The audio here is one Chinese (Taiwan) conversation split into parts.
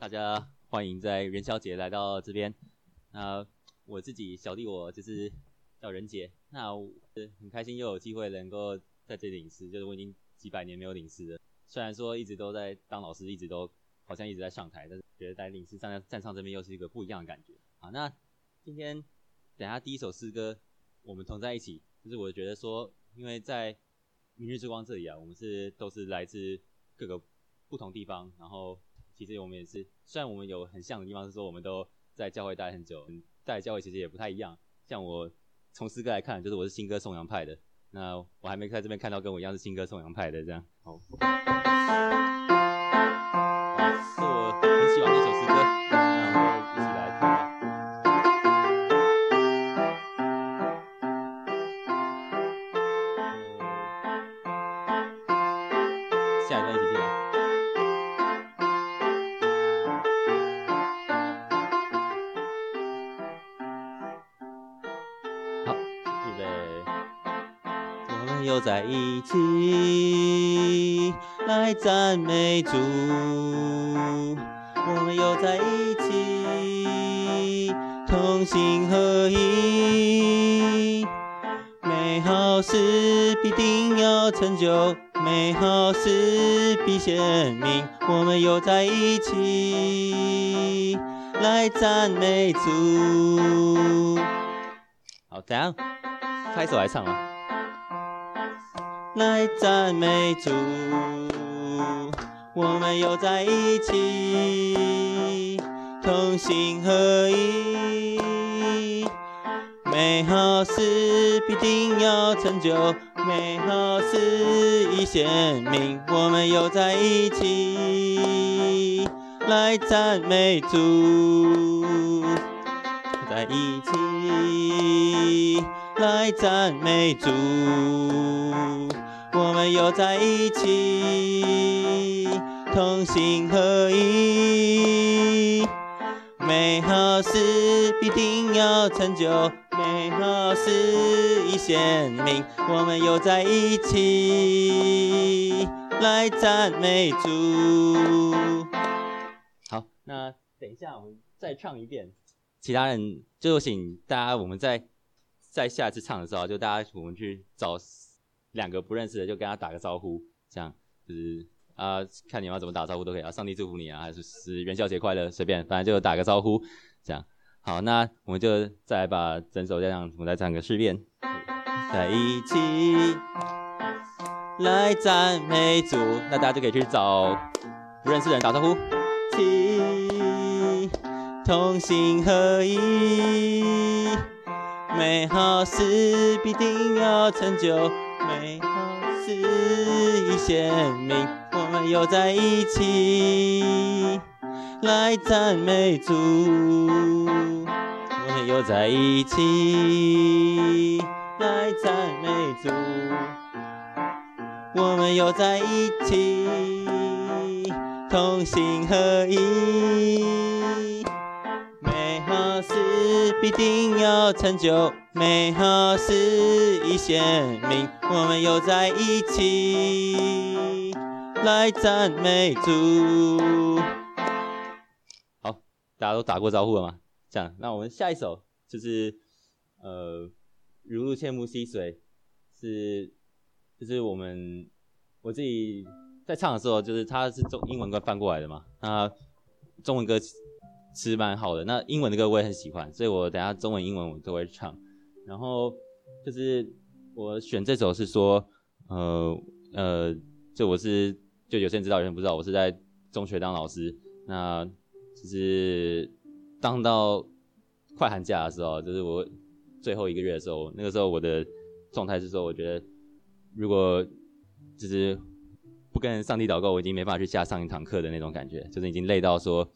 大家歡迎在元宵節來到這邊。那、呃、我自己小弟我就是叫仁杰。那我很開心又有機會能夠在這裡領詩，就是我已經幾百年沒有領詩了。雖然說一直都在當老師，一直都好像一直在上台，但是覺得在領詩站站上這邊又是一個不一樣的感覺。好，那今天等一下第一首詩歌，我們同在一起，就是我覺得說，因為在明日之光這裡啊，我們是都是來自各個不同地方，然後。其實我們也是，雖然我們有很像的地方，是說我們都在教會待很久，但在教會其實也不太一樣。像我從詩歌來看，就是我是新歌頌揚派的，那我還沒在這邊看到跟我一樣是新歌頌揚派的這樣。好。一起來讚美主，我們又在一起，同心合意，美好事必定要成就，美好事必顯明，我們又在一起來讚美主。好的，開始來唱了啊。來讚美主，我們又在一起，同心合一，美好事必定要成就，美好事已顯明，我們又在一起，來讚美主，在一起，來讚美主。我們又在一起，同心合意，美好事必定要成就，美好事已顯明。我們又在一起，來讚美主。好，那等一下我們再唱一遍，其他人就請大家，我們在在下次唱的時候，就大家我們去找。兩個不認識的就跟他打個招呼，這樣就是啊，看你要怎麼打招呼都可以啊。上帝祝福你啊，還是是元宵節快樂，隨便，反正就打個招呼，這樣。好，那我們就再來把整首這樣，我們來唱個試遍。在一起，來讚美主，那大家就可以去找不認識的人打招呼。齊，同心合意，美好事必定要成就。美好是一鮮明，我們又在一起來讚美主，我們又在一起來讚美主，我們又在一起同心合意。必定要成就美好事，以顯明我們又在一起來讚美主。好，大家都打過招呼了嗎？這樣，那我們下一首就是，呃，如鹿切慕溪水，是，就是我們我自己在唱的時候，就是它是中英文歌翻過來的嘛，他中文歌詞。是蠻好的。那英文的歌我也很喜歡，所以我等下中文、英文我都會唱。然後就是我選這首是說，呃呃，就我是就有些人知道，有些人不知道，我是在中學當老師。那就是當到快寒假的時候，就是我最後一個月的時候，那個時候我的狀態是說，我覺得如果就是不跟上帝禱告，我已經沒辦法去下上一堂課的那種感覺，就是已經累到說。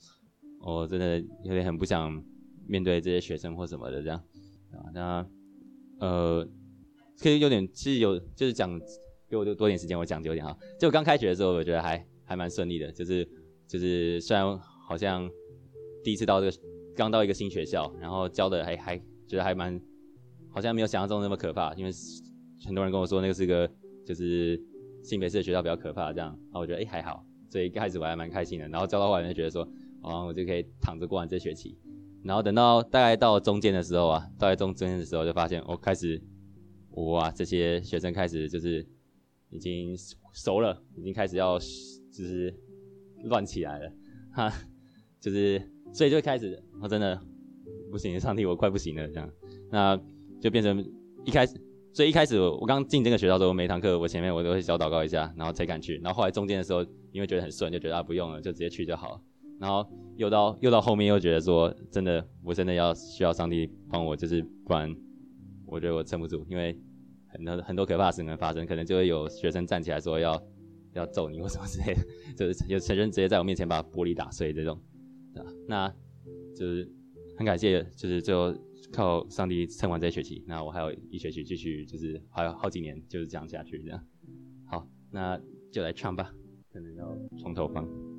我、哦、真的有點很不想面對這些學生或什麼的這樣，啊，那呃，其實有點，其實有就是講，給我多點時間，我講就有點好。就剛開學的時候，我覺得還還蠻順利的，就是就是雖然好像第一次到這個剛到一個新學校，然後教的還還覺得還蠻好像沒有想象中那麼可怕，因為很多人跟我說那個是個就是性別式的學校比較可怕這樣，然後我覺得誒、欸、還好，所以一開始我還蠻開心的，然後教到後來就覺得說。然後、哦、我就可以躺着過完這學期，然後等到大概到中間的時候啊，大概中中間的時候就發現我、哦、開始，哇，這些學生開始就是已經熟了，已經開始要就是亂起來了，哈、啊，就是所以就開始我、哦、真的不行，上帝，我快不行了這樣。那就變成一開始，所以一開始我剛進這個學校的時候，每堂課我前面我都會小禱告一下，然後才敢去，然後後來中間的時候因為覺得很順，就覺得啊不用了，就直接去就好了。然後又到又到後面又覺得說，真的我真的要需要上帝幫我，就是不然我覺得我撐不住，因為很多很多可怕的事情發生，可能就會有學生站起來說要要揍你或什麼之類的，就是有學生直接在我面前把玻璃打碎這種。啊，那就是很感謝，就是最後靠上帝撐完這一學期，那我還有一學期繼續，就是還有好幾年就是這樣下去這樣。好，那就來唱吧，可能要從頭放。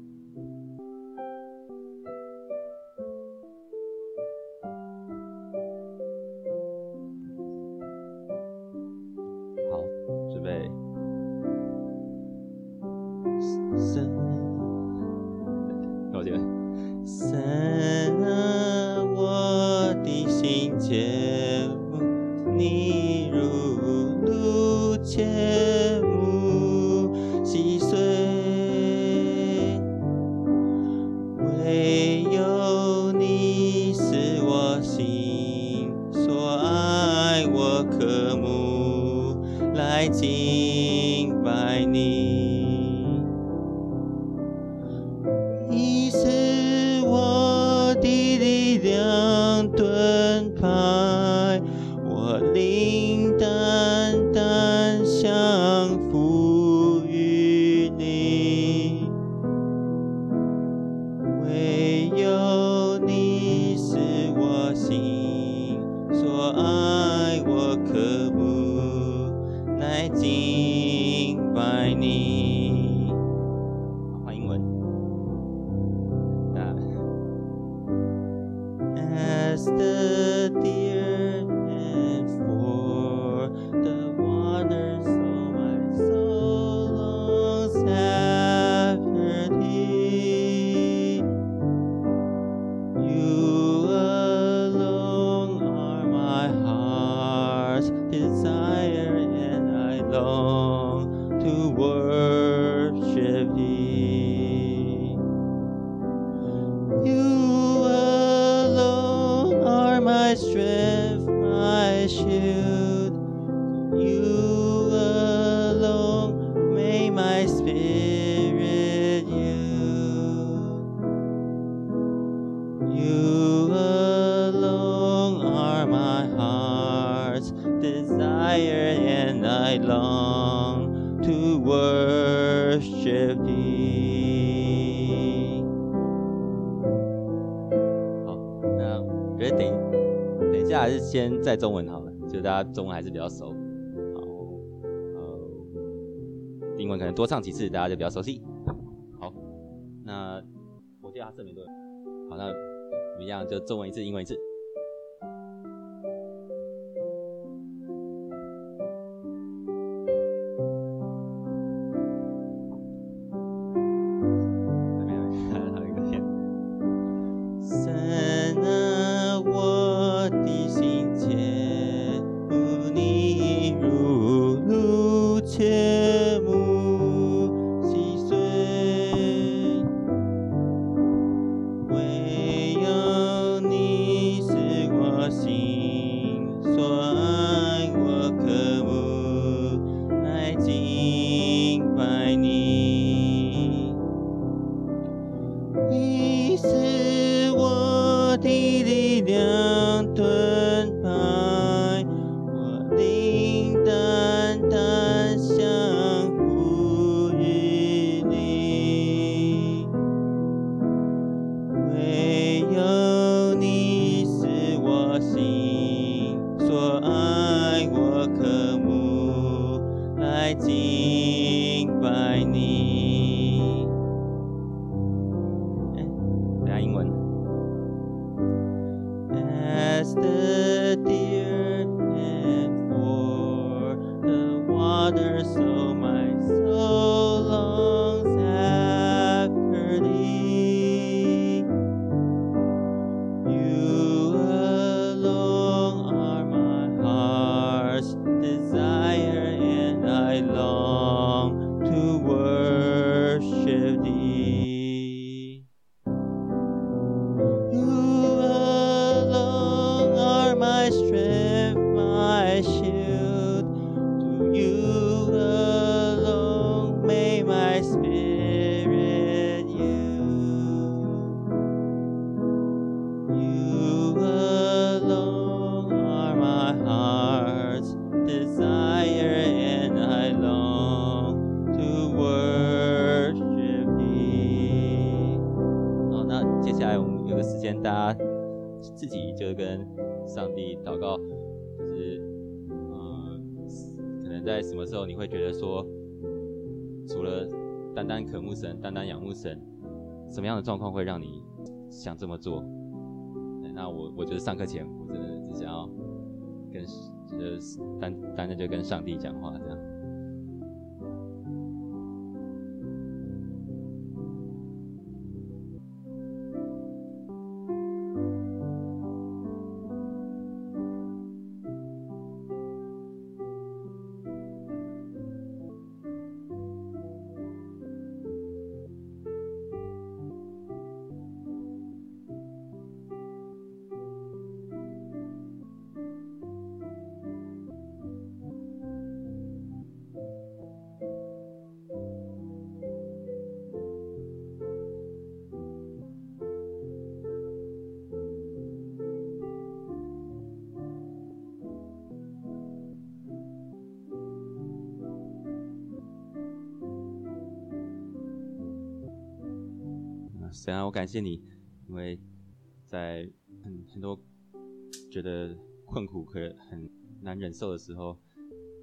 是比較熟，然後呃，英文可能多唱幾次，大家就比較熟悉。好，那我叫他證明多，好，那我們一樣就中文一次，英文一次。渴慕神，單單仰慕神，什麼樣的狀況會讓你想這麼做？那我我覺得上課前，我真的只想要跟就是單單單就跟上帝講話這樣。怎樣、啊，我感謝你，因為，在很很多覺得困苦、和很難忍受的時候，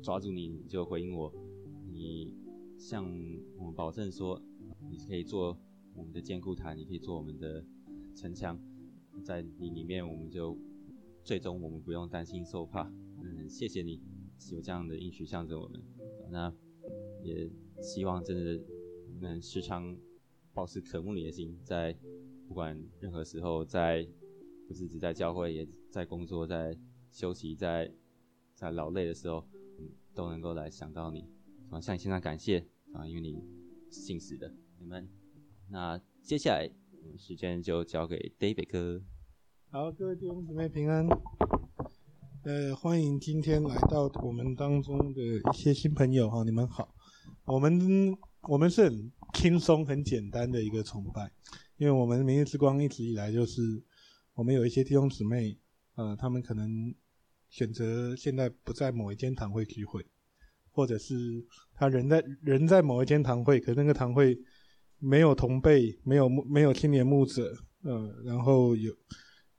抓住你，你就回應我，你向我們保證說，你可以做我們的堅固台，你可以做我們的城牆，在你裡面，我們就最終我們不用擔心受怕。嗯，謝謝你有這樣的應許向着我們，那也希望真的能時常。保持渴慕你的心，在不管任何時候在，在不是只在教會，也在工作，在休息，在在勞累的時候，嗯、都能夠來想到你，然後向你獻上感謝啊，因為你信實的，你們。那接下來、嗯、時間就交給 David 哥。好，各位弟兄姊妹平安。呃，歡迎今天來到我們當中的一些新朋友哈，你們好。我們我們是。輕鬆很簡單的一個崇拜，因為我們明日之光一直以來就是，我們有一些弟兄姊妹，呃，他們可能選擇現在不在某一間堂會聚會，或者是他人在人在某一間堂會，可是那個堂會沒有同輩，沒有沒有青年牧者，呃，然後有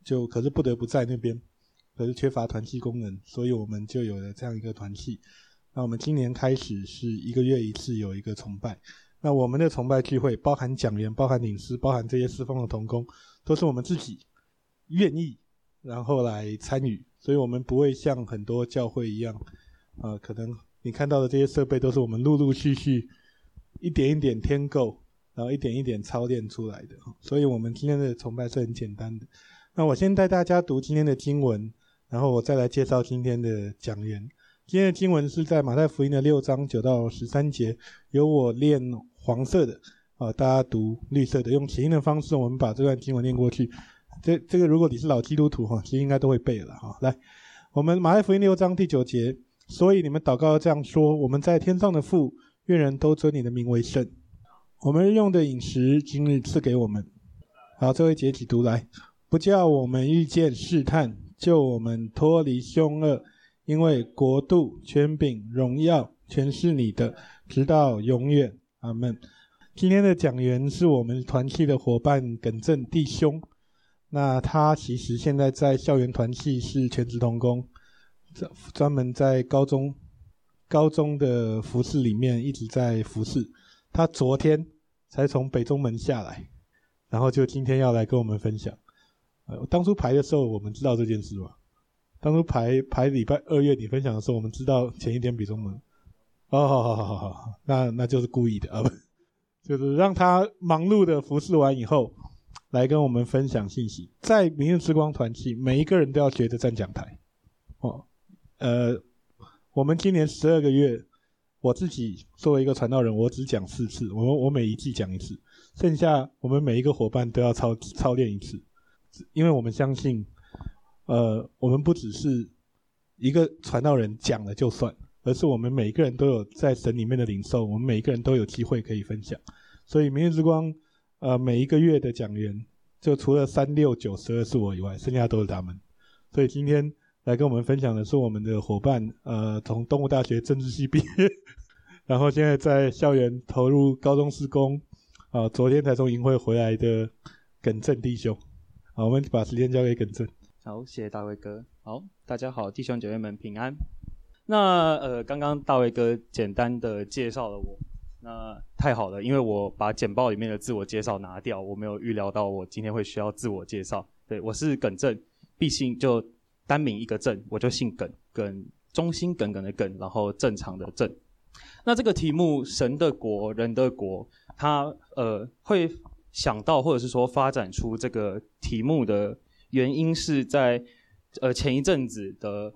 就可是不得不在那邊，可是缺乏團契功能，所以我們就有了這樣一個團契。那我們今年開始是一個月一次有一個崇拜。那我們的崇拜聚會包含講員、包含領詩、包含這些侍奉的同工，都是我們自己願意，然後來參與，所以我們不會像很多教會一樣，啊、呃，可能你看到的這些設備都是我們陸陸續續一點一點添購，然後一點一點操練出來的。所以我們今天的崇拜是很簡單的。那我先帶大家讀今天的經文，然後我再來介紹今天的講員。今天的經文是在馬太福音的六章九到十三節，由我念黃色的啊，大家讀綠色的，用潛音的方式，我們把這段經文念過去。這這個，如果你是老基督徒哈，其實應該都會背了哈。來，我們馬太福音六章第九節，所以你們禱告要這樣說：我們在天上的父，願人都尊你的名為聖。我們日用的飲食，今日賜給我們。好，最後一節一起讀來，不叫我們遇見試探，救我們脫離兇惡，因為國度、權柄、榮耀，全是你的，直到永遠。阿門。今天的講員是我們團契的伙伴耿正弟兄，那他其實現在在校園團契是全職同工，專專門在高中高中的服事裡面一直在服事，他昨天才從北中門下來，然後就今天要來跟我們分享。呃，當初排的時候我們知道這件事嗎？當初排排禮拜二月底分享的時候，我們知道前一天北中門。哦，好、oh, oh, oh, oh, oh, oh.，好，好，好，好，那那就是故意的啊，uh, 就是讓他忙碌的服侍完以後，來跟我們分享信息。在明日之光團契，每一個人都要學着站講台。哦、oh,，呃，我們今年十二個月，我自己作為一個傳道人，我只講四次，我我每一季講一次，剩下我們每一個夥伴都要操操練一次，因為我們相信，呃，我們不只是一個傳道人講了就算。而是我們每個人都有在神裡面的領受，我們每個人都有機會可以分享。所以明日之光，呃，每一個月的講員，就除了三六九十二是我以外，剩下都是他們。所以今天來跟我們分享的是我們的伙伴，呃，從東吳大學政治系畢業， 然後現在在校園投入高中事工，啊、呃，昨天才從營會回來的耿正弟兄。好，我們把時間交給耿正。好，謝謝大衛哥。好，大家好，弟兄姐妹們平安。那呃，剛剛大衛哥簡單的介紹了我，那太好了，因為我把簡報裡面的自我介紹拿掉，我沒有預料到我今天會需要自我介紹。對，我是耿正，畢竟就單名一個正，我就姓耿，耿，忠心耿耿的耿，然後，正常的正。那這個題目“神的國，人的國”，他呃，會想到或者是說發展出這個題目的原因是在呃前一陣子的。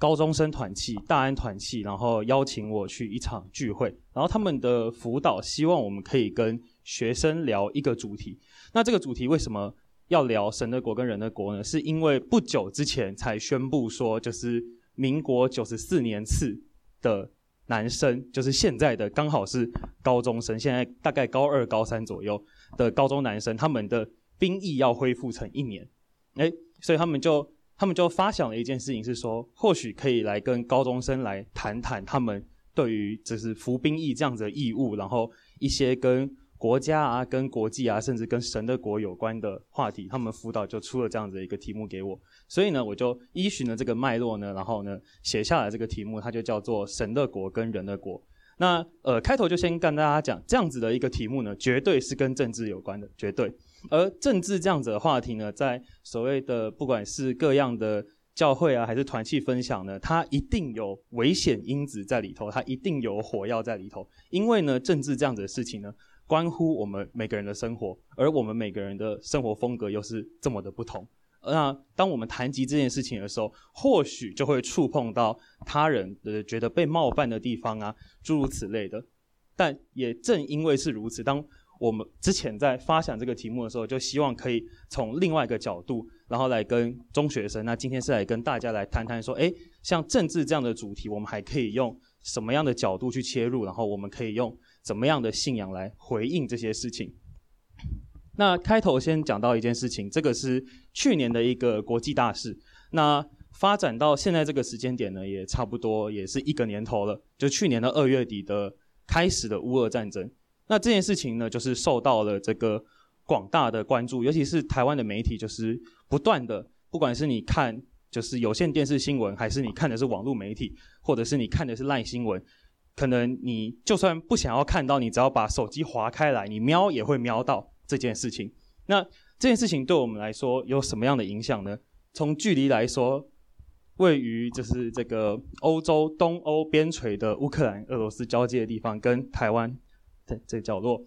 高中生團契、大安團契，然後邀請我去一場聚會，然後他們的輔導希望我們可以跟學生聊一個主題。那這個主題為什麼要聊神的國跟人的國呢？是因為不久之前才宣布說，就是民國九十四年次的男生，就是現在的剛好是高中生，現在大概高二、高三左右的高中男生，他們的兵役要恢復成一年。誒、欸，所以他們就。他們就發想了一件事情，是說或許可以來跟高中生來談談他們對於就是服兵役這樣子的義務，然後一些跟國家啊、跟國際啊，甚至跟神的國有關的話題。他們輔導就出了這樣子的一個題目給我，所以呢，我就依循了這個脈絡呢，然後呢寫下來這個題目，它就叫做“神的國跟人的國”。那呃，開頭就先跟大家講，這樣子的一個題目呢，絕對是跟政治有關的，絕對。而政治這樣子的話題呢，在所謂的不管是各樣的教會啊，還是團契分享呢，它一定有危險因子在裡頭，它一定有火藥在裡頭。因為呢，政治這樣子的事情呢，關乎我們每個人的生活，而我們每個人的生活風格又是這麼的不同。那當我們談及這件事情的時候，或許就會觸碰到他人的覺得被冒犯的地方啊，諸如此類的。但也正因為是如此，當我們之前在發想這個題目的時候，就希望可以從另外一個角度，然後來跟中學生。那今天是來跟大家來談談說，誒，像政治這樣的主題，我們還可以用什麼樣的角度去切入，然後我們可以用怎麼樣的信仰來回應這些事情。那開頭先講到一件事情，這個是去年的一個國際大事。那發展到現在這個時間點呢，也差不多也是一個年頭了，就去年的二月底的開始的烏俄戰爭。那這件事情呢，就是受到了這個廣大的關注，尤其是台灣的媒體，就是不斷的，不管是你看就是有線電視新聞，還是你看的是網絡媒體，或者是你看的是 LINE 新聞，可能你就算不想要看到，你只要把手機滑開來，你瞄也會瞄到這件事情。那這件事情對我們來說有什麼樣的影響呢？從距離來說，位於就是這個歐洲東歐邊陲的烏克蘭、俄羅斯交界的地方，跟台灣這角落，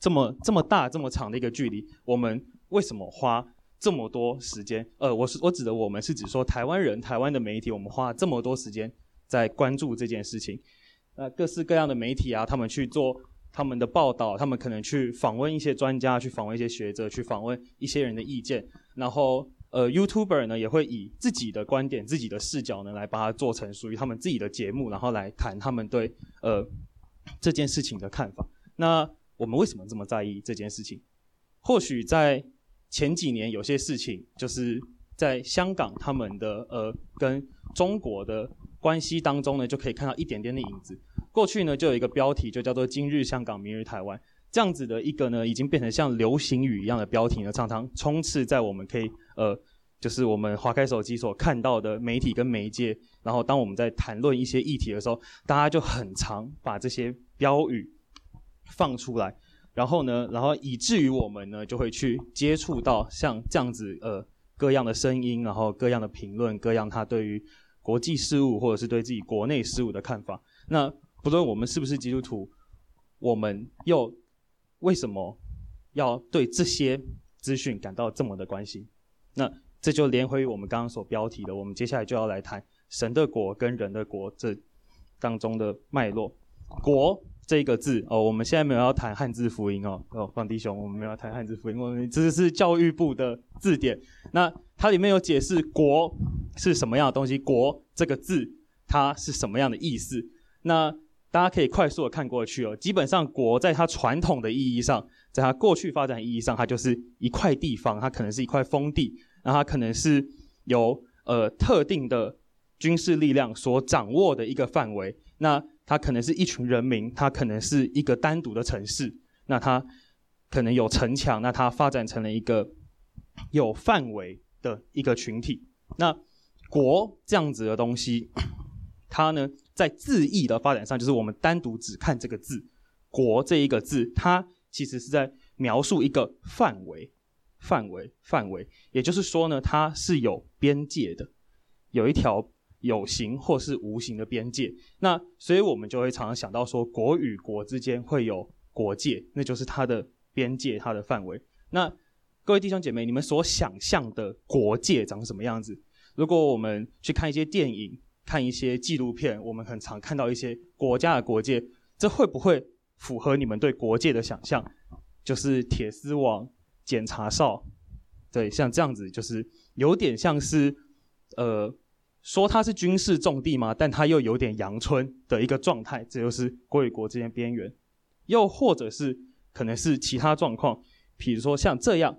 這麼這麼大，這麼長的一個距離，我們為什麼花這麼多時間？呃，我是我指的，我們是指說台灣人，台灣的媒體，我們花這麼多時間在關注這件事情。呃，各式各樣的媒體啊，他們去做他們的報道，他們可能去訪問一些專家，去訪問一些學者，去訪問一些人的意見。然後，呃，YouTuber 呢也會以自己的觀點、自己的視角呢來把它做成屬於他們自己的節目，然後來談他們對呃。這件事情的看法，那我們為什麼這麼在意這件事情？或許在前幾年，有些事情就是在香港他們的呃跟中國的關係當中呢，就可以看到一點點的影子。過去呢，就有一個標題，就叫做《今日香港，明日台灣》這樣子的一個呢，已經變成像流行語一樣的標題呢，常常充斥在我們可以呃。就是我們滑開手機所看到的媒體跟媒介，然後當我們在談論一些議題的時候，大家就很常把這些標語放出來，然後呢，然後以至於我們呢就會去接觸到像這樣子呃各樣的聲音，然後各樣的評論，各樣他對於國際事務或者是對自己國內事務的看法。那不論我們是不是基督徒，我們又為什麼要對這些資訊感到這麼的關心？那這就連回我們剛剛所標題的，我們接下來就要來談神的國跟人的國這當中的脈絡。國這個字哦，我們現在沒有要談漢字福音哦，哦，方弟兄，我們沒有要談漢字福音，我們這是教育部的字典。那它裡面有解釋國是什麼樣的東西，國這個字它是什麼樣的意思？那大家可以快速的看過去哦，基本上國在它傳統的意義上，在它過去發展意義上，它就是一塊地方，它可能是一塊封地。那它可能是由呃特定的軍事力量所掌握的一個範圍，那它可能是一群人民，它可能是一個單獨的城市，那它可能有城牆，那它發展成了一個有範圍的一個群體。那“國”這樣子的東西，它呢在字義的發展上，就是我們單獨只看這個字“國”這一個字，它其實是在描述一個範圍。範圍範圍，也就是說呢，它是有邊界的，有一條有形或是無形的邊界。那所以我們就會常常想到說，國與國之間會有國界，那就是它的邊界，它的範圍。那各位弟兄姐妹，你們所想象的國界長什麼樣子？如果我們去看一些電影、看一些紀錄片，我們很常看到一些國家的國界，這會不會符合你們對國界的想象？就是鐵絲網。檢查哨，對，像這樣子就是有點像是，呃，說它是軍事重地嘛，但它又有點陽春的一個狀態，這就是國與國之間邊緣，又或者是可能是其他狀況，比如說像這樣，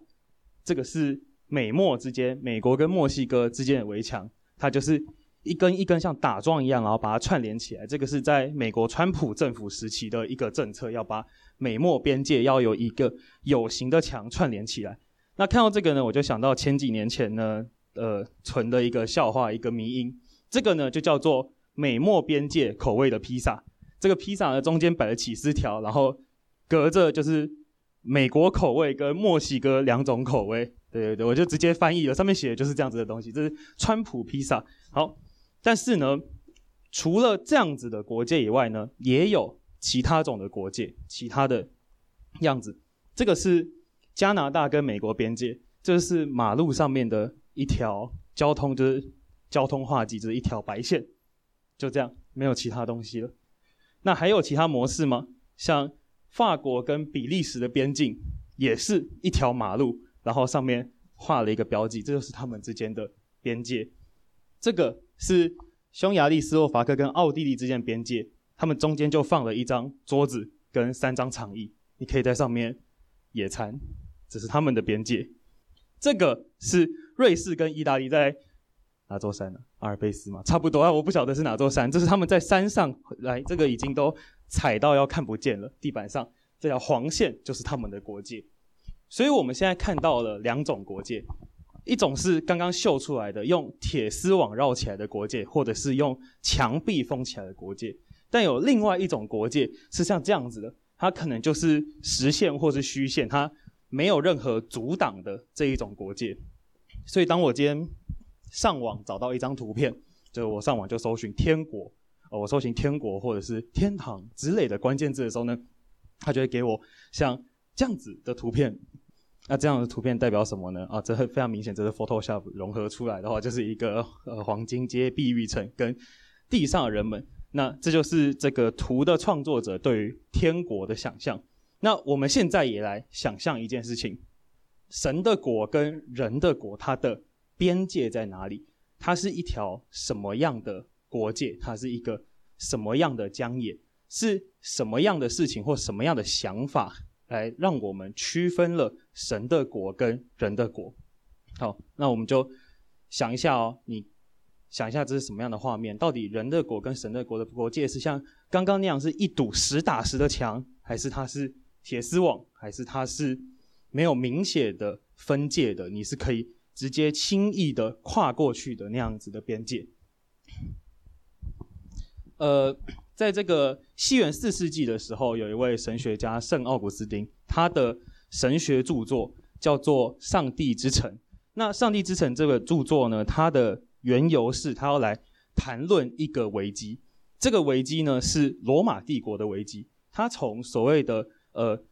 這個是美墨之間，美國跟墨西哥之間的圍牆，它就是。一根一根像打樁一樣，然後把它串聯起來。這個是在美國川普政府時期的一個政策，要把美墨邊界要有一個有形的牆串聯起來。那看到這個呢，我就想到前幾年前呢，呃，存的一個笑話，一個迷因。這個呢就叫做美墨邊界口味的披薩。這個披薩呢中間擺了起司條，然後隔着就是美國口味跟墨西哥兩種口味。對對對，我就直接翻譯了，上面寫的就是這樣子的東西，這是川普披薩。好。但是呢，除了這樣子的國界以外呢，也有其他種的國界，其他的樣子。這個是加拿大跟美國邊界，這、就是馬路上面的一條交通，就是交通畫記，就是一條白線，就這樣，沒有其他東西了。那還有其他模式嗎？像法國跟比利時的邊境也是一條馬路，然後上面畫了一個標記，這就是他們之間的邊界。這個。是匈牙利、斯洛伐克跟奧地利之間的邊界，他們中間就放了一張桌子跟三張長椅，你可以在上面野餐。這是他們的邊界。這個是瑞士跟意大利在哪座山呢、啊？阿爾卑斯嗎？差不多啊。我不曉得是哪座山，這是他們在山上來，這個已經都踩到要看不見了。地板上這條黃線就是他們的國界。所以我們現在看到了兩種國界。一種是剛剛秀出來的，用鐵絲網繞起來的國界，或者是用牆壁封起來的國界。但有另外一種國界是像這樣子的，它可能就是實線或是虛線，它沒有任何阻擋的這一種國界。所以當我今天上網找到一張圖片，就是我上網就搜尋“天國”，呃，我搜尋“天國”或者是“天堂”之類的關鍵字的時候呢，它就會給我像這樣子的圖片。那這樣的圖片代表什麼呢？啊，這非常明顯，這是 Photoshop 融合出來的話，就是一個呃黃金街、碧玉城跟地上的人們。那這就是這個圖的創作者對於天國的想象。那我們現在也來想象一件事情：神的國跟人的國，它的邊界在哪裡？它是一條什麼樣的國界？它是一個什麼樣的疆野？是什麼樣的事情或什麼樣的想法？來讓我們區分了神的國跟人的國。好，那我們就想一下哦，你想一下這是什麼樣的畫面？到底人的國跟神的國的國界是像剛剛那樣，是一堵實打實的牆，還是它是鐵絲網，還是它是沒有明顯的分界的？你是可以直接輕易的跨過去的那樣子的邊界？呃。在這個西元四世紀的時候，有一位神學家聖奧古斯丁，他的神學著作叫做《上帝之城》。那《上帝之城》這個著作呢，它的緣由是他要來談論一個危機。這個危機呢，是羅馬帝國的危機。他從所謂的呃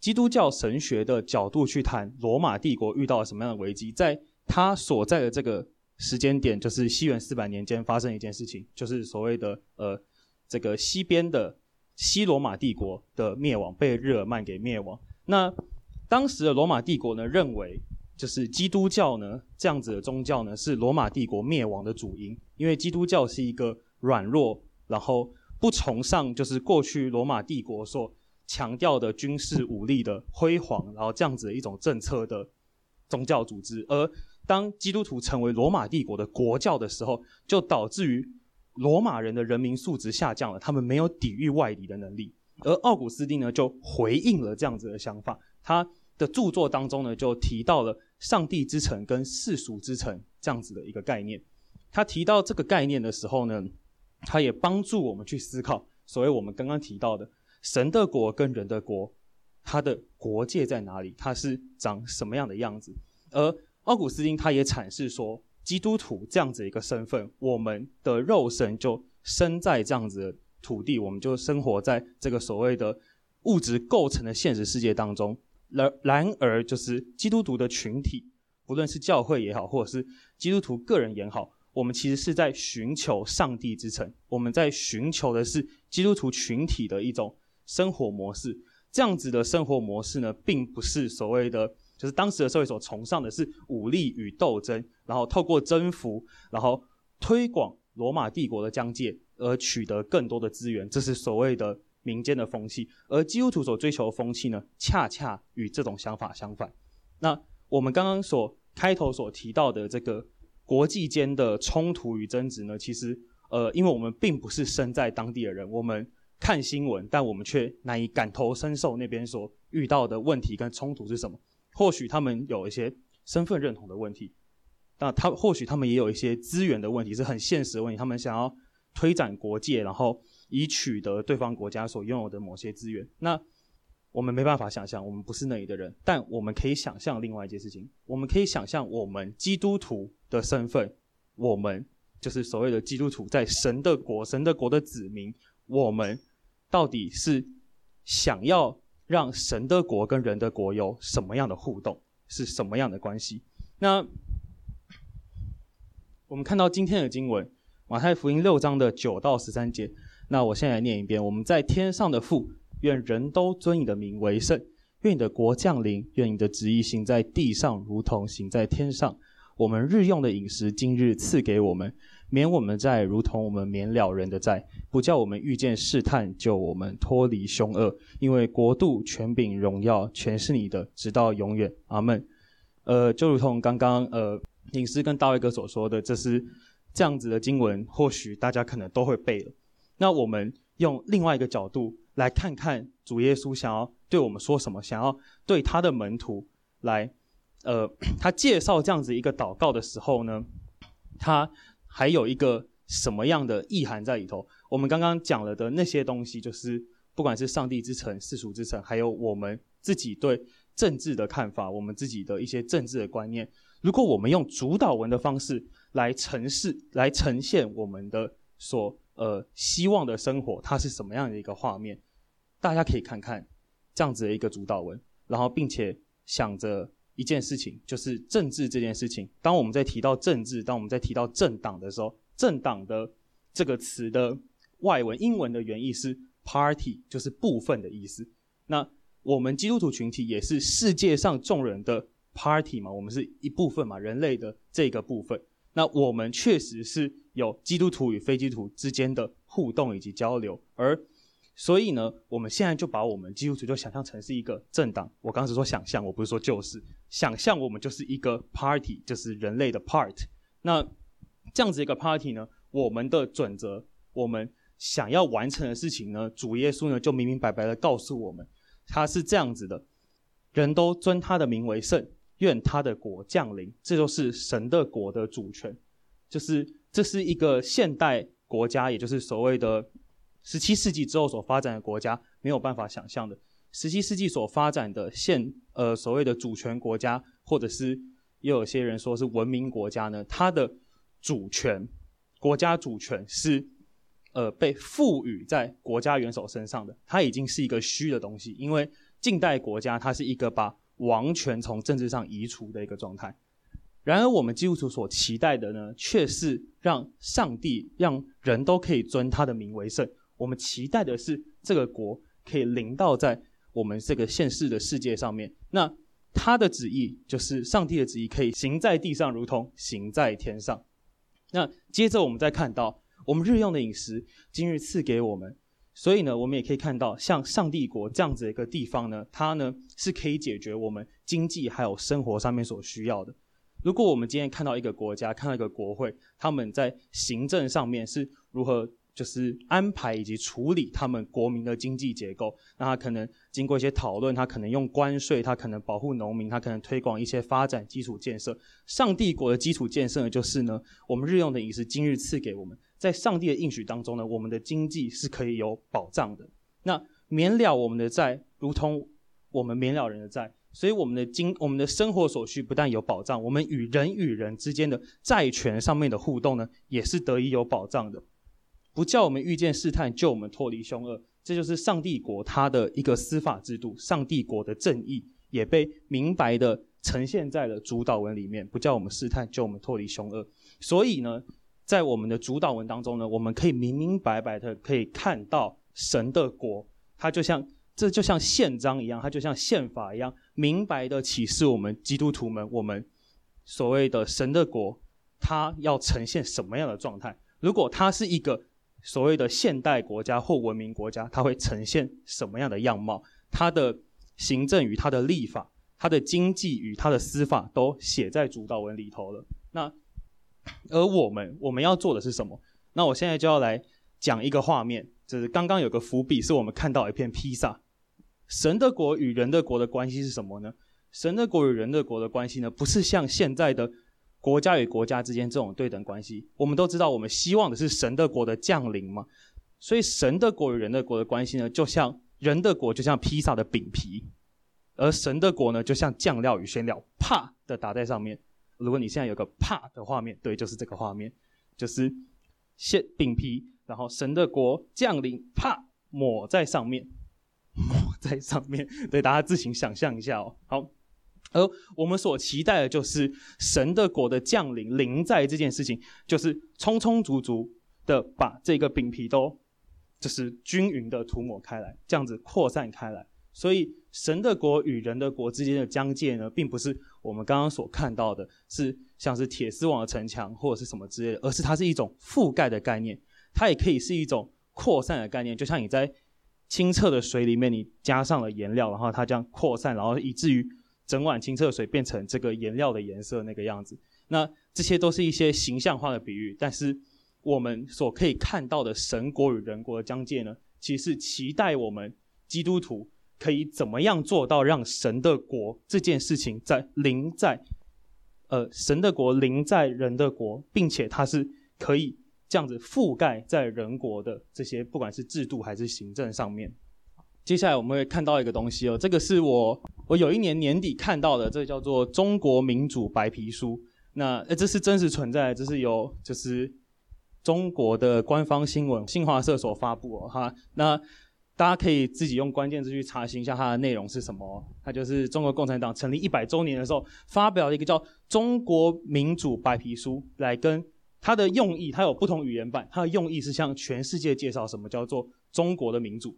基督教神學的角度去談羅馬帝國遇到了什麼樣的危機。在他所在的這個時間點，就是西元四百年間發生一件事情，就是所謂的呃。這個西邊的西羅馬帝國的滅亡，被日耳曼給滅亡。那當時的羅馬帝國呢，認為就是基督教呢這樣子的宗教呢，是羅馬帝國滅亡的主因，因為基督教是一個軟弱，然後不崇尚就是過去羅馬帝國所強調的軍事武力的輝煌，然後這樣子的一種政策的宗教組織。而當基督徒成為羅馬帝國的國教的時候，就導致於。羅馬人的人民素質下降了，他們沒有抵禦外敵的能力，而奧古斯丁呢就回應了這樣子的想法，他的著作當中呢就提到了“上帝之城”跟“世俗之城”這樣子的一個概念。他提到這個概念的時候呢，他也幫助我們去思考所謂我們剛剛提到的“神的國”跟“人的國”，它的國界在哪裡？它是長什麼樣的樣子？而奧古斯丁他也闡釋說。基督徒這樣子一個身份，我們的肉身就生在這樣子的土地，我們就生活在這個所謂的物質構成的現實世界當中。然然而，就是基督徒的群體，不論是教會也好，或者是基督徒個人也好，我們其實是在尋求上帝之城，我們在尋求的是基督徒群體的一種生活模式。這樣子的生活模式呢，並不是所謂的。就是當時的社會所崇尚的是武力與鬥爭，然後透過征服，然後推廣羅馬帝國的疆界而取得更多的資源，這是所謂的民間的風氣。而基督徒所追求的風氣呢，恰恰與這種想法相反。那我們剛剛所開頭所提到的這個國際間的衝突與爭執呢，其實，呃，因為我們並不是身在當地的人，我們看新聞，但我們卻難以感同身受那邊所遇到的問題跟衝突是什麼。或許他們有一些身份認同的問題，那他或許他們也有一些資源的問題，是很現實的問題。他們想要推展國界，然後以取得對方國家所擁有的某些資源。那我們沒辦法想象，我們不是那裡的人，但我們可以想象另外一件事情：我們可以想象我們基督徒的身份，我們就是所謂的基督徒，在神的國、神的國的子民，我們到底是想要。讓神的國跟人的國有什麼樣的互動，是什麼樣的關係？那我們看到今天的經文，馬太福音六章的九到十三節。那我先來念一遍：我們在天上的父，願人都尊你的名為聖，願你的國降臨，願你的旨意行在地上，如同行在天上。我們日用的飲食，今日賜給我們。免我們債，如同我們免了人的債，不叫我們遇見試探，救我們脫離兇惡。因為國度、權柄、榮耀，全是你的，直到永遠。阿門。呃，就如同剛剛呃，林師跟大衛哥所說的，這是這樣子的經文。或許大家可能都會背了。那我們用另外一個角度來看看主耶穌想要對我們說什麼，想要對他的門徒來，呃，他介紹這樣子一個禱告的時候呢，他。還有一個什麼樣的意涵在裡頭？我們剛剛講了的那些東西，就是不管是上帝之城、世俗之城，還有我們自己對政治的看法，我們自己的一些政治的觀念。如果我們用主禱文的方式來呈市，來呈現我們的所呃希望的生活，它是什麼樣的一個畫面？大家可以看看這樣子的一個主禱文，然後並且想着。一件事情就是政治這件事情。當我們在提到政治，當我們在提到政黨的時候，“政黨”的這個詞的外文英文的原意是 “party”，就是部分的意思。那我們基督徒群體也是世界上眾人的 party 嘛，我們是一部分嘛，人類的這個部分。那我們確實是有基督徒與非基督徒之間的互動以及交流，而。所以呢，我們現在就把我們基督徒就想象成是一個政黨。我剛才說想象，我不是說就是想象，我們就是一個 party，就是人類的 part。那這樣子一個 party 呢，我們的準則，我們想要完成的事情呢，主耶穌呢就明明白白的告訴我們，他是這樣子的：人都尊他的名為聖，願他的國降臨，這就是神的國的主權，就是這是一個現代國家，也就是所謂的。十七世紀之後所發展的國家沒有辦法想象的，十七世紀所發展的現呃所謂的主權國家，或者是，也有些人說是文明國家呢，它的主權，國家主權是，呃被賦予在國家元首身上的，它已經是一個虛的東西，因為近代國家它是一個把王權從政治上移除的一個狀態，然而我們基督徒所期待的呢，卻是讓上帝讓人都可以尊他的名為聖。我們期待的是這個國可以臨到在我們這個現世的世界上面。那他的旨意就是上帝的旨意，可以行在地上，如同行在天上。那接着我們再看到我們日用的飲食，今日賜給我們。所以呢，我們也可以看到，像上帝國這樣子的一個地方呢，它呢是可以解決我們經濟還有生活上面所需要的。如果我們今天看到一個國家，看到一個國會，他們在行政上面是如何？就是安排以及處理他們國民的經濟結構，那他可能經過一些討論，他可能用關稅，他可能保護農民，他可能推廣一些發展基礎建設。上帝國的基礎建設呢，就是呢，我們日用的飲食今日賜給我們，在上帝的應許當中呢，我們的經濟是可以有保障的。那免了我們的債，如同我們免了人的債，所以我們的經，我們的生活所需不但有保障，我們與人與人之間的債權上面的互動呢，也是得以有保障的。不叫我們遇見試探，救我們脫離兇惡，這就是上帝國他的一個司法制度。上帝國的正義也被明白的呈現在了主禱文裡面。不叫我們試探，救我們脫離兇惡。所以呢，在我們的主禱文當中呢，我們可以明明白白的可以看到神的國，它就像這就像憲章一樣，它就像憲法一樣，明白的啟示我們基督徒們，我們所謂的神的國，它要呈現什麼樣的狀態？如果它是一個。所謂的現代國家或文明國家，它會呈現什麼樣的樣貌？它的行政與它的立法、它的經濟與它的司法都寫在主禱文裡頭了。那而我們我們要做的是什麼？那我現在就要來講一個畫面，就是剛剛有個伏筆，是我們看到一片披薩。神的國與人的國的關係是什麼呢？神的國與人的國的關係呢，不是像現在的。國家與國家之間這種對等關係，我們都知道，我們希望的是神的國的降臨嘛。所以，神的國與人的國的關係呢，就像人的國就像披薩的餅皮，而神的國呢，就像醬料與餡料，啪的打在上面。如果你現在有個啪的畫面，對，就是這個畫面，就是餡餅皮，然後神的國降臨，啪抹在上面，抹在上面，對，大家自行想象一下哦。好。而我們所期待的就是神的國的降領臨在這件事情，就是充充足足的把這個餅皮都就是均勻的塗抹開來，這樣子擴散開來。所以神的國與人的國之間的疆界呢，並不是我們剛剛所看到的，是像是鐵絲網的城牆或者是什麼之類的，而是它是一種覆蓋的概念，它也可以是一種擴散的概念。就像你在清澈的水裡面你加上了顏料，然後它這樣擴散，然後以至於。整碗清澈水變成這個顏料的顏色那個樣子，那這些都是一些形象化的比喻。但是，我們所可以看到的神國與人國的疆界呢，其實是期待我們基督徒可以怎麼樣做到讓神的國這件事情在臨在，呃，神的國臨在人的國，並且它是可以這樣子覆蓋在人國的這些，不管是制度還是行政上面。接下來我們會看到一個東西哦，這個是我我有一年年底看到的，這個叫做《中國民主白皮書》。那呃，這是真實存在的，這是由，就是中國的官方新聞，新華社所發布，哦，哈。那大家可以自己用關鍵字去查詢一下它的內容是什麼哦。它就是中國共產黨成立一百周年的時候，發表的一個叫《中國民主白皮書》來跟它的用意。它有不同語言版，它的用意是向全世界介紹什麼叫做中國的民主。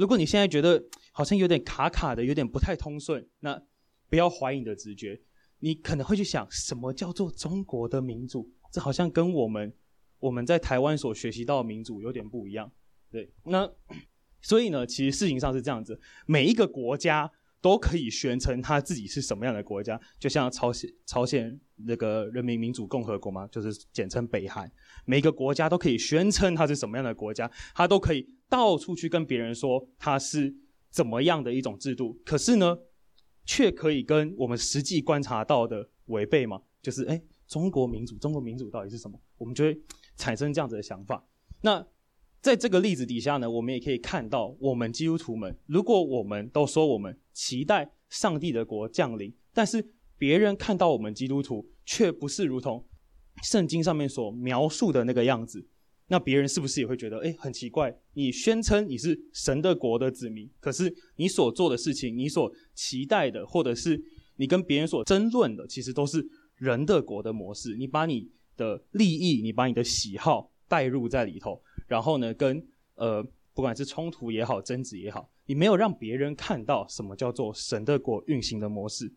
如果你現在覺得好像有點卡卡的，有點不太通順，那不要懷疑你的直覺。你可能會去想，什麼叫做中國的民主？這好像跟我們我們在台灣所學習到的民主有點不一樣，對？那所以呢，其實事情上是這樣子，每一個國家都可以宣稱他自己是什麼樣的國家，就像朝鮮朝鮮那個人民民主共和國嘛，就是簡稱北韓。每一個國家都可以宣稱它是什麼樣的國家，它都可以。到處去跟別人說它是怎麼樣的一種制度，可是呢，卻可以跟我們實際觀察到的違背嘛，就是誒、欸、中國民主，中國民主到底是什麼？我們就會產生這樣子的想法。那在這個例子底下呢，我們也可以看到，我們基督徒們，如果我們都說我們期待上帝的國降臨，但是別人看到我們基督徒卻不是如同聖經上面所描述的那個樣子。那別人是不是也會覺得，哎、欸，很奇怪？你宣稱你是神的國的子民，可是你所做的事情，你所期待的，或者是你跟別人所爭論的，其實都是人的國的模式。你把你的利益，你把你的喜好帶入在裡頭，然後呢，跟呃，不管是衝突也好，爭執也好，你沒有讓別人看到什麼叫做神的國運行的模式。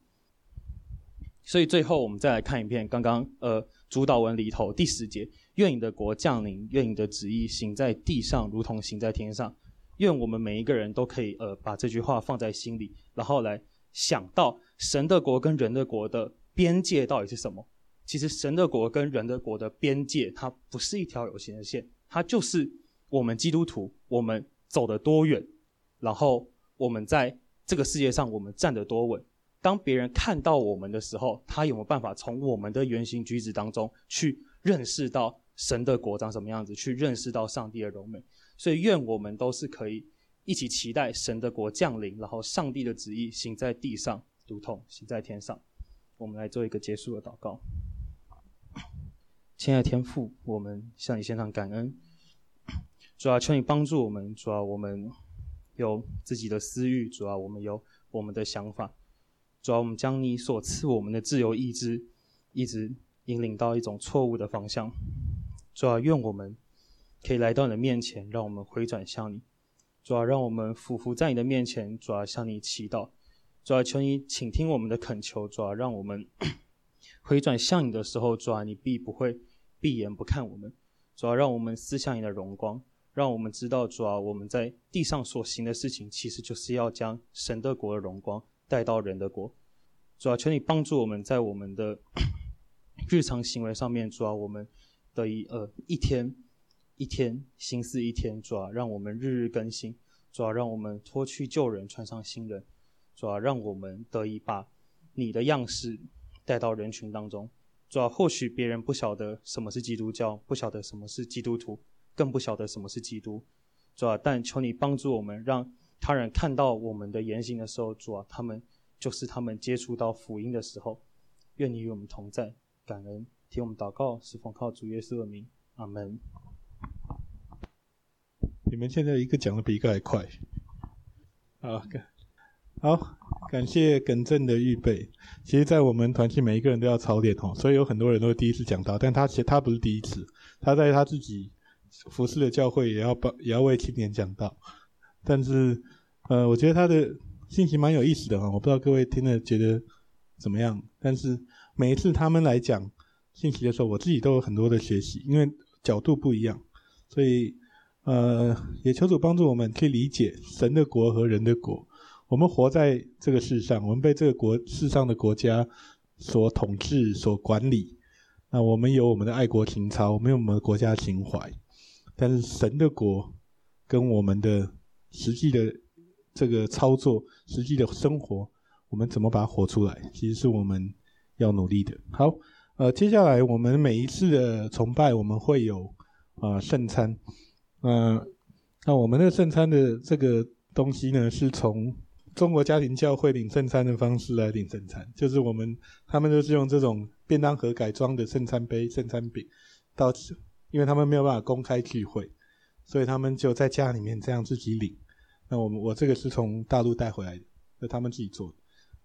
所以最後，我們再來看一遍剛剛呃，主禱文裡頭第十節。願你的國降臨，願你的旨意行在地上，如同行在天上。願我們每一個人都可以，呃，把這句話放在心裡，然後來想到神的國跟人的國的邊界到底是什麼？其實，神的國跟人的國的邊界，它不是一條有形的線，它就是我們基督徒，我們走得多遠，然後我們在這個世界上我們站得多穩，當別人看到我們的時候，他有沒有辦法從我們的言行舉止當中去認識到？神的國長什麼樣子？去認識到上帝的柔美。所以，願我們都是可以一起期待神的國降臨，然後上帝的旨意行在地上，如同行在天上。我們來做一個結束的禱告。親愛的天父，我們向你獻上感恩。主要求你幫助我們，主要我們有自己的私慾，主要我們有我們的想法，主要我們將你所賜我們的自由意志，一直引領到一種錯誤的方向。主啊，願我們可以來到你的面前，讓我們回轉向你。主啊，讓我們匍匐在你的面前。主啊，向你祈禱。主啊，求你傾聽我們的懇求。主啊，讓我們回轉向你的時候，主啊，你必不會閉眼不看我們。主啊，讓我們思想你的榮光，讓我們知道，主啊，我們在地上所行的事情，其實就是要將神的國的榮光帶到人的國。主啊，求你幫助我們在我們的日常行為上面，主啊，我們。的以呃、一天，一天新事一天，主啊，讓我們日日更新，主啊，讓我們脫去舊人，穿上新人，主啊，讓我們得以把你的樣式帶到人群當中。主啊，或許別人不曉得什麼是基督教，不曉得什麼是基督徒，更不曉得什麼是基督，主啊，但求你幫助我們，讓他人看到我們的言行的時候，主啊，他們就是他們接觸到福音的時候。願你與我們同在，感恩。替我們禱告，是奉靠主耶穌的名，阿門。你們現在一個講的比一個還快，好，好，感謝耿正的預備。其實，在我們團契，每一個人都要操練哦，所以有很多人都會第一次講到，但他其實他不是第一次，他在他自己服侍的教會也要把，也要為青年講到。但是，呃，我覺得他的信息蠻有意思的哦，我不知道各位聽了覺得怎麼樣。但是每一次他們來講。信息的時候，我自己都有很多的學習，因為角度不一樣，所以，呃，也求主幫助我們去理解神的國和人的國。我們活在這個世上，我們被這個國世上的國家所統治、所管理。那我們有我們的愛國情操，我們有我們的國家情懷，但是神的國跟我們的實際的這個操作、實際的生活，我們怎麼把它活出來，其實是我們要努力的。好。呃，接下來我們每一次的崇拜，我們會有啊呃、聖餐。嗯、呃，那我們的聖餐的這個東西呢，是從中國家庭教會領聖餐的方式來領聖餐，就是我們他們都是用這種便當盒改裝的聖餐杯、聖餐餅，到，因為他們沒有辦法公開聚會，所以他們就在家裡面這樣自己領。那我們我這個是從大陸帶回來的，那他們自己做的。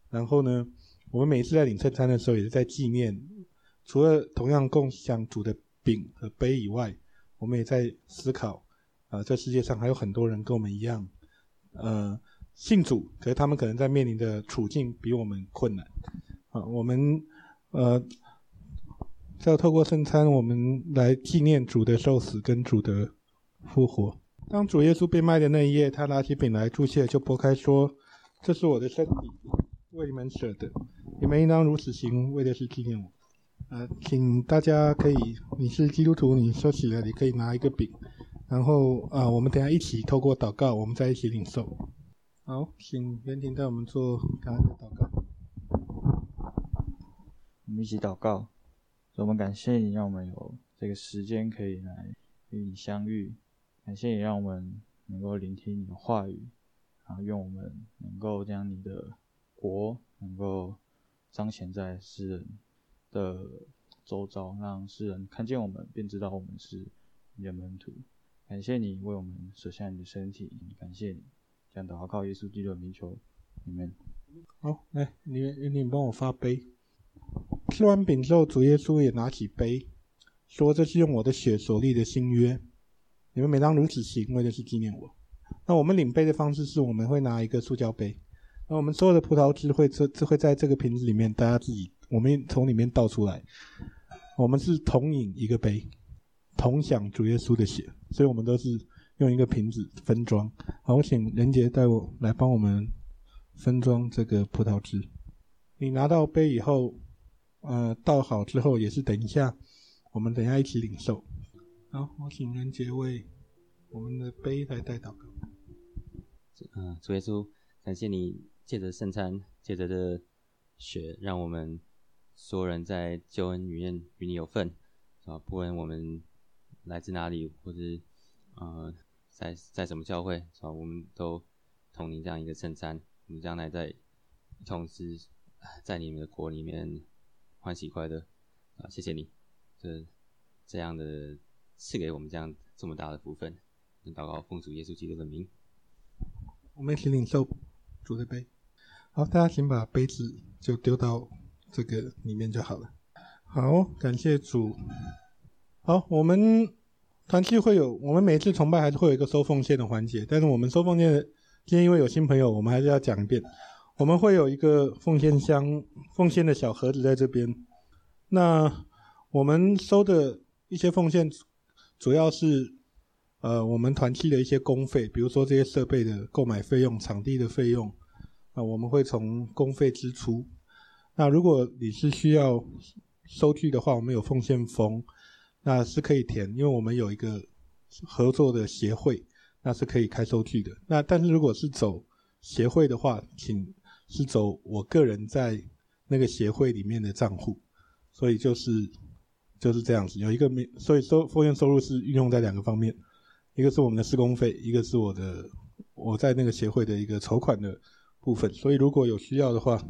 然後呢，我們每一次在領聖餐的時候，也是在紀念。除了同樣共享主的餅和杯以外，我們也在思考，啊、呃，在世界上還有很多人跟我們一樣，呃，信主，可是他們可能在面臨的處境比我們困難。啊，我們，呃，要透過聖餐，我們來紀念主的受死跟主的復活。當主耶穌被賣的那一夜，他拿起餅來祝謝，就擘開說：“這是我的身體，為你們捨的，你們應當如此行，為的是紀念我。”呃，請大家可以，你是基督徒，你收起了，你可以拿一個餅，然後啊、呃，我們等一下一起透過禱告，我們在一起領受。好，請袁婷帶我們做感恩的禱告。我們一起禱告，所以我們感謝你，讓我們有這個時間可以來與你相遇，感謝你讓我們能夠聆聽你的話語，然後願我們能夠將你的國能夠彰顯在世人的周遭，讓世人看見我們，便知道我們是你的門徒。感謝你為我們舍下你的身體，感謝你這樣的禱告靠耶穌基督的名求，你們好，來，，你們你們幫我發杯。吃完餅之後，主耶穌也拿起杯，說：“這是用我的血所立的新約，你們每當如此行，為的是紀念我。”那我們領杯的方式是我們會拿一個塑膠杯，那我們所有的葡萄汁會這這會在這個瓶子裡面，大家自己。我們從裡面倒出來，我們是同飲一個杯，同享主耶穌的血，所以我們都是用一個瓶子分裝。好，我請人杰帶我來幫我們分裝這個葡萄汁。你拿到杯以後，呃倒好之後，也是等一下，我們等一下一起領受。好，我請人杰為我們的杯來代禱。嗯，主耶穌，感謝你借着聖餐，借着這血，讓我們。所有人在救恩與你與你有份，啊，不管我們來自哪裡，或者，呃，在在什麼教會，啊，我們都同領這樣一個聖餐，我們將來在同時在你們的國裡面歡喜快樂，啊、呃，謝謝你，這這樣的賜給我們這樣這麼大的福分。禱告，奉主耶穌基督的名，我們請領受主的杯，好，大家請把杯子就丟到。這個裡面就好了。好，感謝主。好，我們團契會有，我們每次崇拜還是會有一個收奉獻的環節。但是我們收奉獻，今天因為有新朋友，我們還是要講一遍。我們會有一個奉獻箱、奉獻的小盒子在這邊。那我們收的一些奉獻，主要是，呃，我們團契的一些公費，比如說這些設備的購買費用、場地的費用啊，呃，我們會從公費支出。那如果你是需要收據的話，我們有奉獻封，那是可以填，因為我們有一個合作的協會，那是可以開收據的。那但是如果是走協會的話，請是走我個人在那個協會裡面的賬戶所以就是就是這樣子。有一個沒，所以收奉獻收入是運用在兩個方面，一個是我們的施工費，一個是我的我在那個協會的一個籌款的部分。所以如果有需要的話。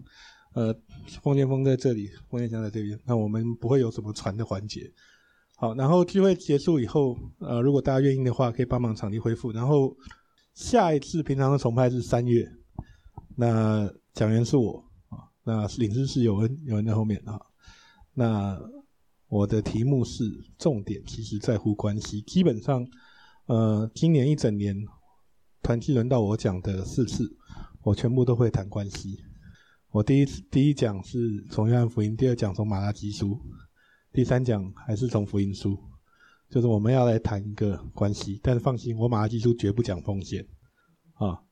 呃，風建峰在這裡，風建江在這邊，那我們不會有什麼傳的環節。好，然後聚會結束以後，呃，如果大家願意的話，可以幫忙場地恢復。然後下一次平常的崇拜是三月，那講員是我啊，那領詩是有恩，有恩在後面啊。那我的題目是重點，其實在乎關係。基本上，呃，今年一整年團契輪到我講的四次，我全部都會談關係。我第一次第一講是從約翰福音，第二講從馬拉基書，第三講還是從福音書，就是我們要來談一個關係。但是放心，我馬拉基書絕不講奉獻啊！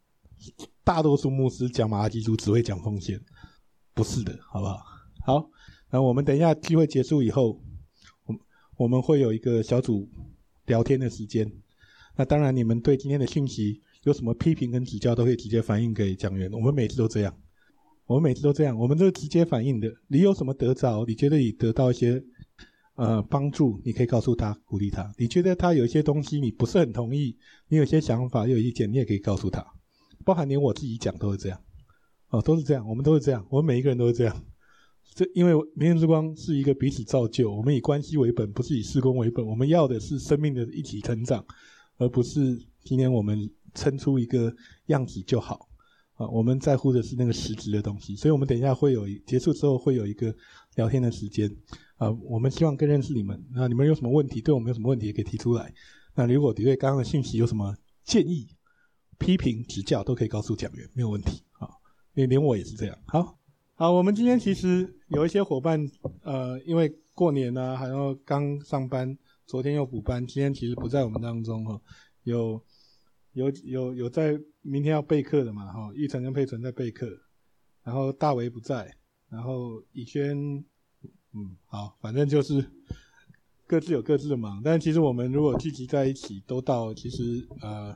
大多數牧師講馬拉基書只會講奉獻，不是的，好不好？好，那我們等一下聚會結束以後，我我們會有一個小組聊天的時間。那當然，你們對今天的訊息有什麼批評跟指教，都可以直接反映給講員。我們每次都這樣。我們每次都這樣，我們都是直接反映的。你有什麼得着，你覺得你得到一些呃幫助，你可以告訴他，鼓勵他。你覺得他有一些東西你不是很同意，你有些想法、有一些意見，你也可以告訴他。包含連我自己講都是這樣，哦，都是這樣，我們都是這樣，我們每一個人都是這樣。這因為明日之光是一個彼此造就，我們以關係為本，不是以事工為本。我們要的是生命的一起成長，而不是今天我們撐出一個樣子就好。啊，我們在乎的是那個實質的東西，所以我們等一下會有結束之後會有一個聊天的時間，啊，我們希望更認識你們。那你們有什麼問題，對我們有什麼問題也可以提出來。那如果你對剛剛的信息有什麼建議、批評、指教，都可以告訴講員，沒有問題啊。連我也是這樣。好，好，我們今天其實有一些夥伴，呃，因為過年呢、啊，還有剛上班，昨天又補班，今天其實不在我們當中哈。有、啊。有有有，在明天要備課的嘛？哈，玉成跟佩存在備課，然後大為不在，然後以軒，嗯，好，反正就是各自有各自的忙。但其實我們如果聚集在一起，都到其實呃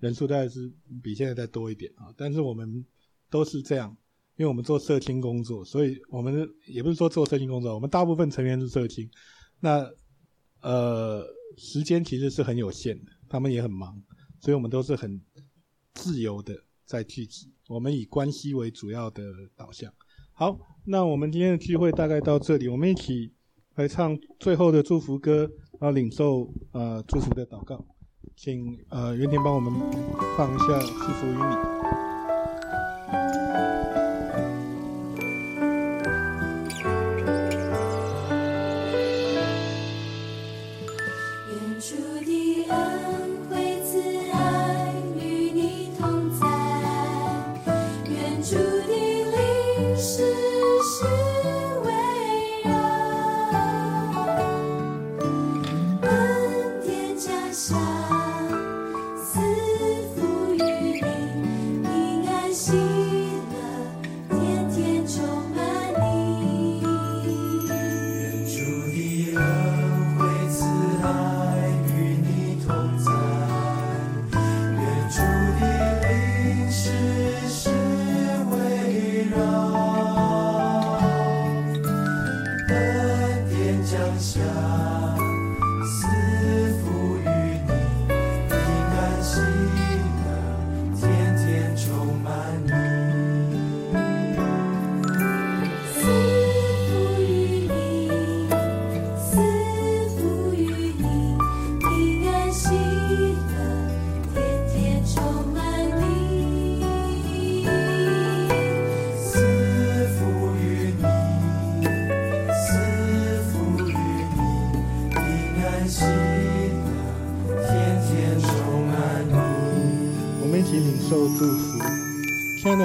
人數大概是比現在再多一點啊。但是我們都是這樣，因為我們做社青工作，所以我們也不是說做社青工作，我們大部分成員是社青。那呃時間其實是很有限的，他們也很忙。所以，我們都是很自由的在聚集。我們以關係為主要的導向。好，那我們今天的聚會大概到這裡，我們一起來唱最後的祝福歌，然後領受呃祝福的禱告。請呃，袁天幫我們放一下祝福於你。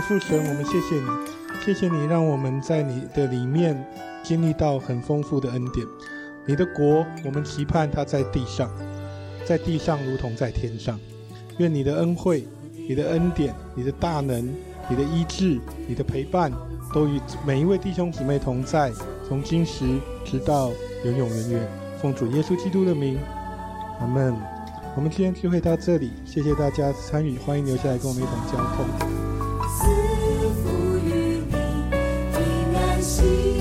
父神，我們謝謝你，謝謝你讓我們在你的裡面經歷到很豐富的恩典。你的國，我們期盼它在地上，在地上如同在天上。願你的恩惠、你的恩典、你的大能、你的醫治、你的陪伴，都與每一位弟兄姊妹同在，從今時直到永永遠遠。奉主耶穌基督的名，阿門。我們今天聚會到這裡，謝謝大家參與，歡迎留下來跟我們一同交通。賜福於你，平安喜。